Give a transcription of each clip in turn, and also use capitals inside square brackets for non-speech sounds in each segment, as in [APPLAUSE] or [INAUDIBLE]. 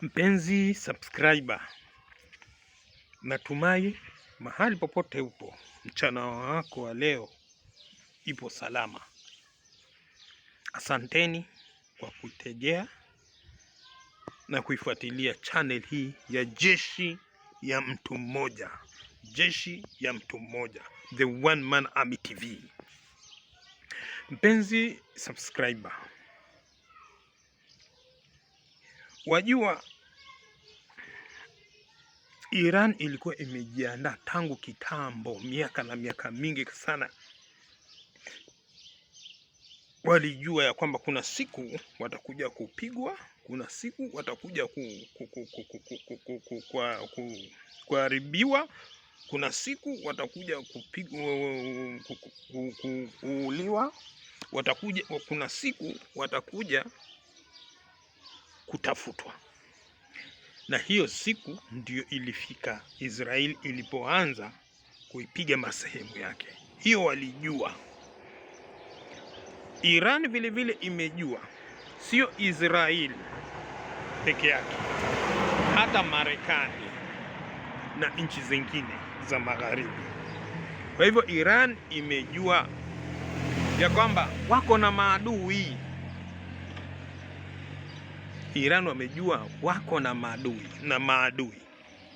Mpenzi subscriber, natumai mahali popote upo, mchana wako wa leo ipo salama. Asanteni kwa kutegea na kuifuatilia channel hii ya Jeshi ya Mtu Mmoja, Jeshi ya Mtu Mmoja, The One Man Army TV. Mpenzi subscriber Wajua, Iran ilikuwa imejiandaa tangu kitambo, miaka na miaka mingi sana. Walijua ya kwamba kuna siku watakuja kupigwa, kuna siku watakuja kuharibiwa, kuna siku watakuja kuuliwa, watakuja, kuna siku watakuja kutafutwa. Na hiyo siku ndiyo ilifika Israeli ilipoanza kuipiga masehemu yake, hiyo walijua. Iran vile vile imejua, sio Israeli peke yake, hata Marekani na nchi zingine za magharibi. Kwa hivyo Iran imejua ya kwamba wako na maadui Iran wamejua wako na maadui na maadui.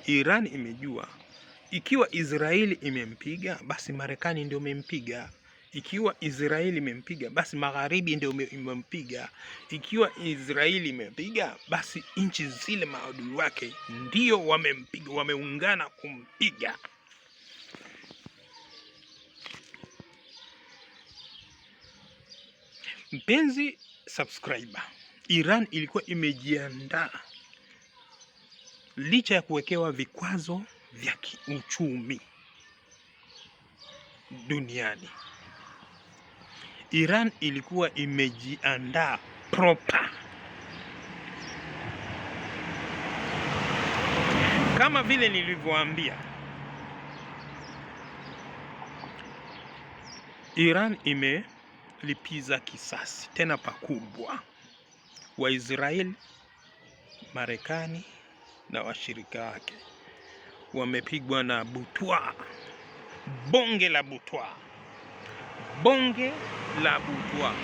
Iran imejua ikiwa Israeli imempiga basi Marekani ndio imempiga. Ikiwa Israeli imempiga basi Magharibi ndio imempiga. Ikiwa Israeli imepiga basi nchi zile maadui wake ndio wamempiga, wameungana kumpiga. Mpenzi subscriber Iran ilikuwa imejiandaa licha ya kuwekewa vikwazo vya kiuchumi duniani. Iran ilikuwa imejiandaa proper kama vile nilivyoambia, Iran imelipiza kisasi tena pakubwa. Waisraeli, Marekani na washirika wake wamepigwa na butwa, bonge la butwa, bonge la butwa.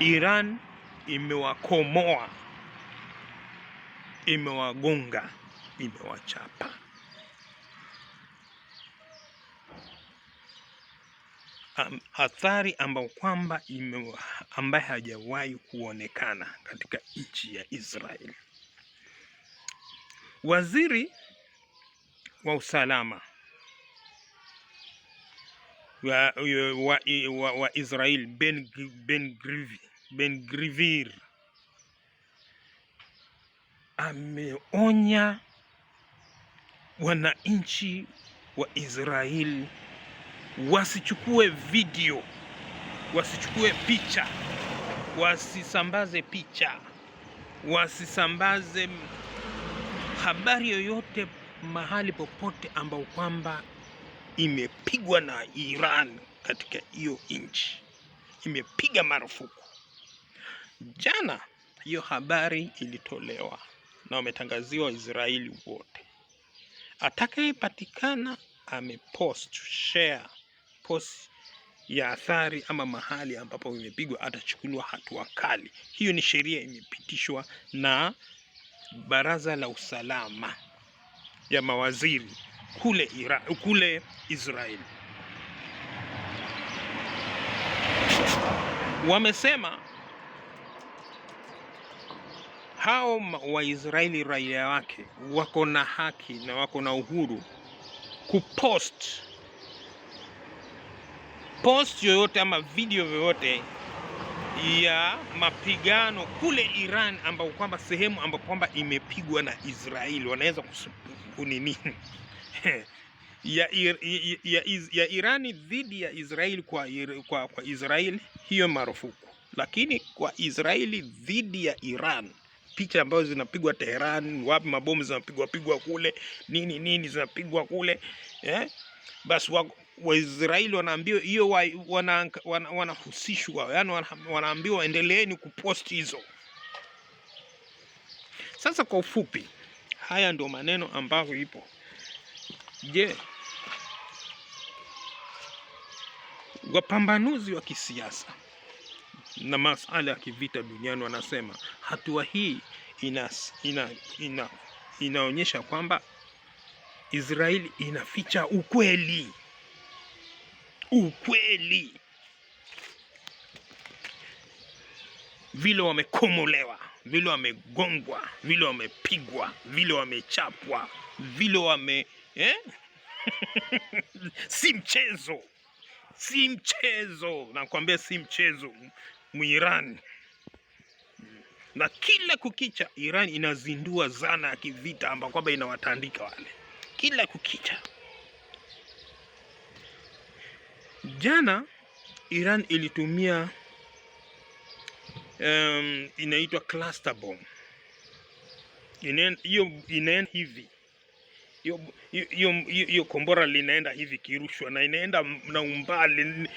Iran imewakomoa, imewagonga, imewachapa. hatari ambayo kwamba ambaye hajawahi kuonekana katika nchi ya Israeli. Waziri wa usalama wa, wa, wa, wa Israel Ben, Ben, Grivi, Ben Grivir ameonya wananchi wa Israeli wasichukue video, wasichukue picha, wasisambaze picha, wasisambaze habari yoyote mahali popote ambao kwamba imepigwa na Iran katika hiyo nchi, imepiga marufuku. Jana hiyo habari ilitolewa na wametangaziwa Waisraeli wote, atakayepatikana amepost share makosi ya athari ama mahali ambapo imepigwa atachukuliwa hatua kali. Hiyo ni sheria imepitishwa na Baraza la Usalama ya mawaziri kule, Ira, kule Israeli. Wamesema hao Waisraeli raia wake wako na haki na wako na uhuru kupost post yoyote ama video yoyote ya mapigano kule Iran ambao kwamba sehemu ambapo kwamba imepigwa na Israeli wanaweza kunini [LAUGHS] ya, ya, ya, ya Irani dhidi ya Israeli kwa, kwa, kwa Israeli hiyo marufuku, lakini kwa Israeli dhidi ya Iran picha ambazo zinapigwa Teheran, wapi mabomu zinapigwa pigwa kule nini nini zinapigwa kule eh? basi wako Waisraeli wanaambiwa hiyo, wanahusishwa wana, wana yani wanaambiwa endeleeni kupost hizo. Sasa kwa ufupi, haya ndio maneno ambayo ipo. Je, wapambanuzi wa kisiasa na masuala ya kivita duniani wanasema hatua hii ina, ina, ina, inaonyesha kwamba Israeli inaficha ukweli ukweli, vile wamekomolewa, vile wamegongwa, vile wamepigwa, vile wamechapwa, vile wame eh? [LAUGHS] si mchezo, si mchezo, nakwambia si mchezo Muirani na kila kukicha Iran inazindua zana ya kivita ambayo kwamba inawatandika wale kila kukicha. Jana Iran ilitumia um, inaitwa cluster bomb. Hiyo inaenda hivi, hiyo kombora linaenda hivi kirushwa, na inaenda na umbali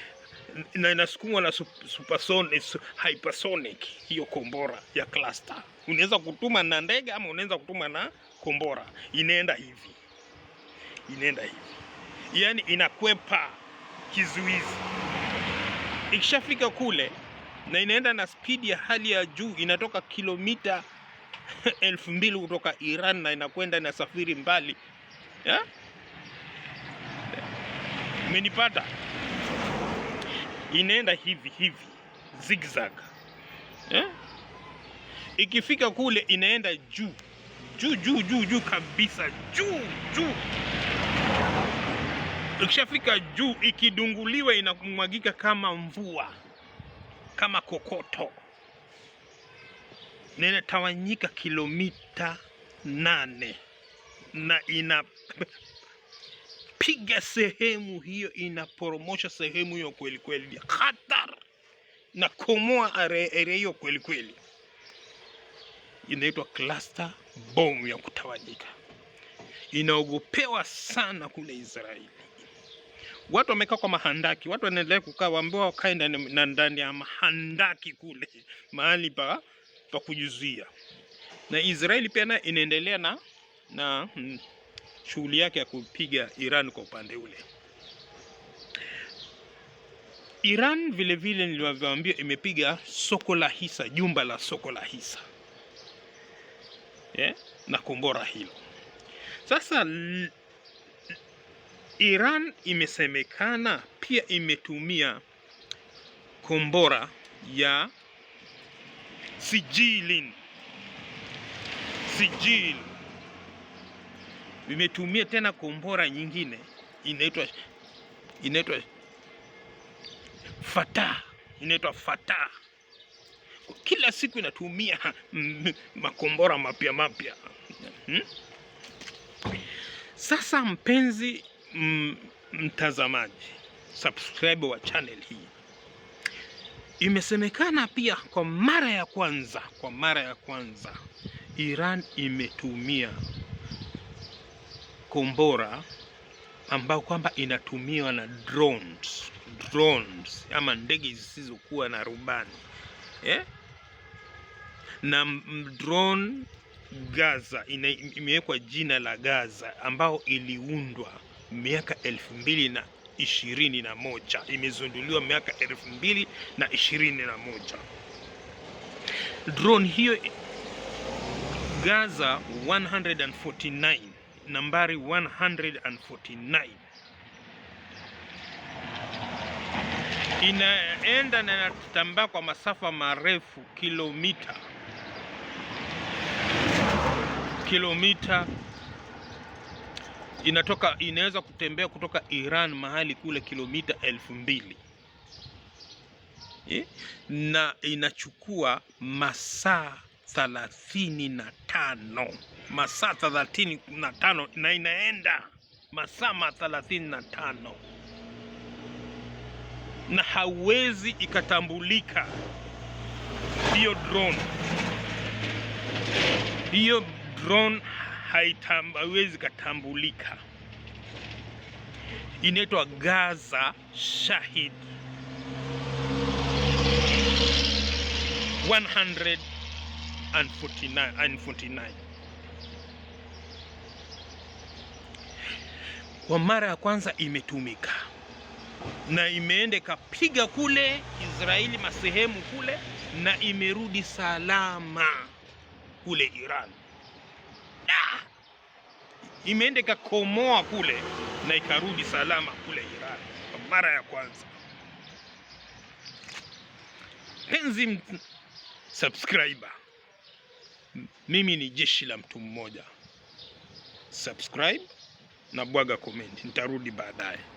na inasukumwa na supersonic, hypersonic. Hiyo kombora ya cluster unaweza kutuma na ndege ama unaweza kutuma na kombora, inaenda hivi, inaenda hivi, yani inakwepa kizuizi. Ikishafika kule na inaenda na spidi ya hali ya juu, inatoka kilomita [LAUGHS] elfu mbili kutoka Iran na inakwenda na safiri mbali. Umenipata? Inaenda hivi hivi zigzag eh? Ikifika kule inaenda juu juu juu juu juu kabisa juu juu ikishafika juu ikidunguliwa inamwagika kama mvua, kama kokoto, na inatawanyika kilomita nane na inapiga sehemu hiyo, inaporomosha sehemu hiyo kweli kweli, khatar na komoa area hiyo kweli kweli, inaitwa cluster bomb ya kutawanyika, inaogopewa sana kule Israeli watu wamekaa kwa mahandaki, watu wanaendelea kukaa, waambiwa wakae na ndani ya mahandaki kule mahali pa, pa kujizuia. Na Israeli pia na inaendelea na, na mm, shughuli yake ya kupiga Iran kwa upande ule. Iran vilevile nilivyowaambia, imepiga soko la hisa, jumba la soko la hisa yeah, na kombora hilo sasa Iran imesemekana pia imetumia kombora ya Sijilin Sijil, imetumia tena kombora nyingine inaitwa inaitwa Fatah, inaitwa Fata. Kila siku inatumia [LAUGHS] makombora mapya mapya hmm? Sasa mpenzi mtazamaji, subscribe wa channel hii. Imesemekana pia kwa mara ya kwanza, kwa mara ya kwanza Iran imetumia kombora ambao kwamba inatumiwa na drones, drones ama ndege zisizokuwa na rubani eh? na drone Gaza imewekwa jina la Gaza ambao iliundwa miaka elfu mbili na ishirini na moja imezunduliwa miaka elfu mbili na ishirini na moja drone hiyo Gaza 149 nambari 149 inaenda na inatambaa kwa masafa marefu kilomita kilomita inatoka inaweza kutembea kutoka Iran mahali kule kilomita elfu mbili eh? na inachukua masaa thalathini na tano masaa thalathini na tano na inaenda masaa ma thalathini na tano na hawezi ikatambulika hiyo drone hiyo drone haiwezi katambulika, inaitwa Gaza Shahid 149. Kwa mara ya kwanza imetumika na imeenda ikapiga kule Israeli masehemu kule, na imerudi salama kule Iran. Ah! imeenda ikakomoa kule na ikarudi salama kule Iran kwa mara ya kwanza. Penzi subscriber, mimi ni jeshi la mtu mmoja. Subscribe na bwaga comment, nitarudi baadaye.